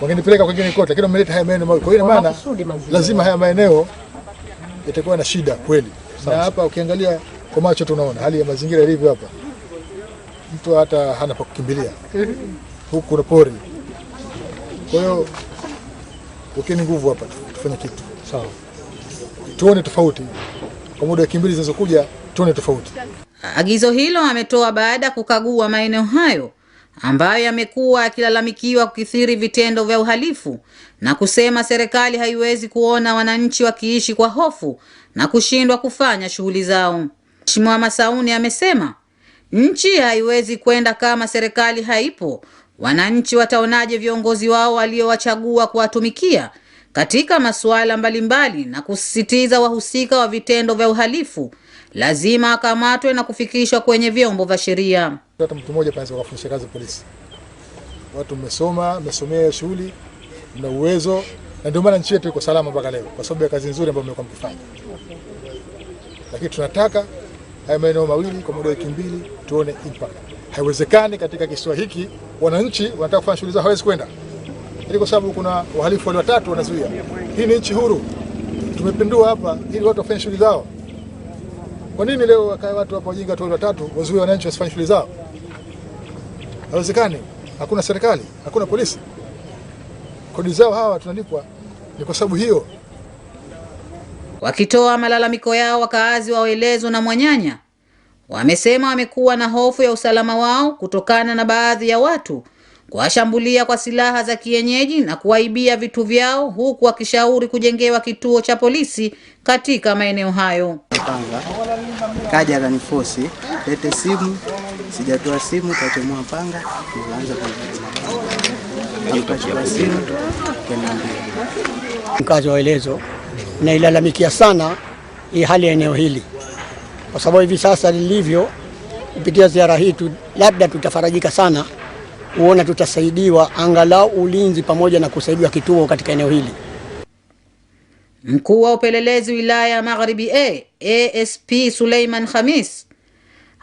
wangenipeleka kwingine kote, lakini wameleta haya maeneo mawili. Kwa hiyo maana lazima haya maeneo yatakuwa na shida kweli, na hapa ukiangalia kwa macho tunaona hali ya mazingira ilivyo hapa, mtu hata hana pa kukimbilia, huku kuna pori. Kwa hiyo ukeni nguvu hapa, tufanye kitu sawa, tuone tofauti kwa muda wa kimbili zinazokuja, tuone tofauti. Agizo hilo ametoa baada ya kukagua maeneo hayo ambayo yamekuwa yakilalamikiwa kukithiri vitendo vya uhalifu na kusema serikali haiwezi kuona wananchi wakiishi kwa hofu na kushindwa kufanya shughuli zao. Mheshimiwa Masauni amesema nchi haiwezi kwenda kama serikali haipo. Wananchi wataonaje viongozi wao waliowachagua kuwatumikia katika masuala mbalimbali, na kusisitiza wahusika wa vitendo vya uhalifu lazima akamatwe na kufikishwa kwenye vyombo vya sheria. Hata mtu mmoja panaweza kufundisha kazi polisi. Watu mmesoma, mmesomea shughuli, mna uwezo na ndio maana nchi yetu iko salama mpaka leo kwa sababu ya kazi nzuri ambayo mmekuwa mkifanya. Lakini tunataka haya maeneo mawili kwa muda wa wiki mbili tuone impact. Haiwezekani katika kisiwa hiki wananchi wanataka kufanya shughuli zao hawezi kwenda. Ili yaani kwa sababu kuna wahalifu wale watatu wanazuia. Hii ni nchi huru. Tumepindua hapa ili watu wafanye shughuli zao. Kwa nini leo wakae watu hapa wajinga tu watatu wazuie wananchi wasifanye shughuli zao? Hawezekani, Hakuna serikali, hakuna polisi, kodi zao hawa tunalipwa ni kwa sababu hiyo. Wakitoa malalamiko yao, wakaazi wa Welezo na Mwanyanya wamesema wamekuwa na hofu ya usalama wao kutokana na baadhi ya watu kuwashambulia kwa silaha za kienyeji na kuwaibia vitu vyao, huku wakishauri kujengewa kituo cha polisi katika maeneo hayo. Kaja kanifosi lete simu sijatoa simu, kachomoa panga, nikaanza kachoa simu mkazi wa Welezo. Nailalamikia sana hii hali ya eneo hili kwa sababu hivi sasa lilivyo, kupitia ziara hii tu labda tutafarajika sana, huona tutasaidiwa angalau ulinzi pamoja na kusaidiwa kituo katika eneo hili. Mkuu wa upelelezi wilaya ya Magharibi A ASP Suleiman Khamis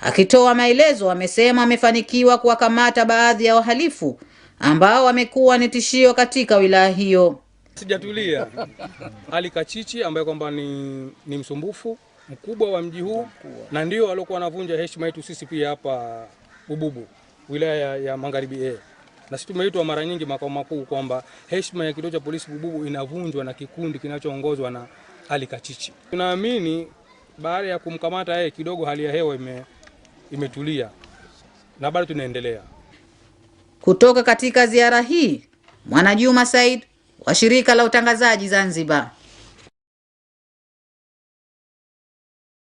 Akitoa maelezo, amesema amefanikiwa kuwakamata baadhi ya wahalifu ambao wamekuwa ni tishio katika wilaya hiyo. Sijatulia Ali Kachichi ambaye kwamba ni, ni msumbufu mkubwa wa mji huu na ndio waliokuwa wanavunja heshima yetu sisi pia hapa Bububu wilaya ya Magharibi A na sisi tumeitwa mara nyingi makao makuu kwamba heshima ya kituo cha polisi Bububu inavunjwa na kikundi kinachoongozwa na Ali Kachichi. Tunaamini baada ya kumkamata yeye kidogo hali ya hewa ime, imetulia na bado tunaendelea. Kutoka katika ziara hii, Mwanajuma Said wa shirika la utangazaji Zanzibar.